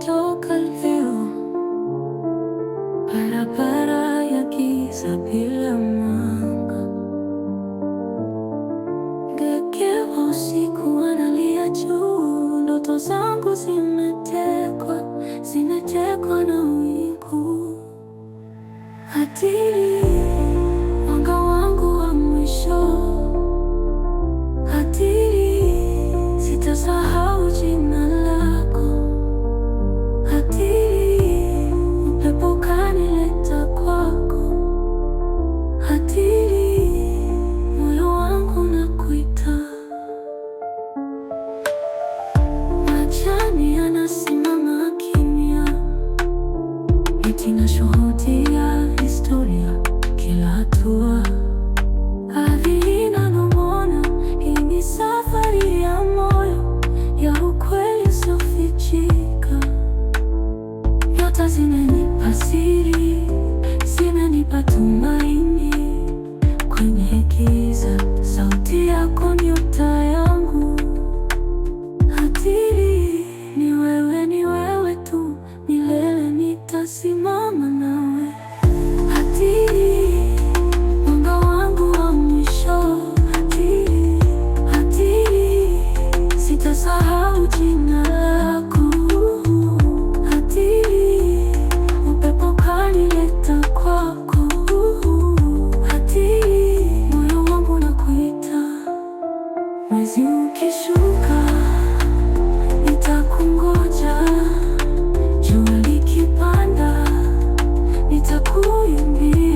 kutoka leo, barabara ya giza bila mwanga. Ndege wa usiku wanalia juu, ndoto zangu zimetekwa, zimetekwa na wingu hatiri sauti ya historia kila hatua. Ardhi inanong'ona, hii ni safari ya moyo ya ukweli usiofichika. Nyota zimenipa siri, zimenipa tumaini. Mwezi ukishuka nitakungoja, jua likipanda nitakuimbia.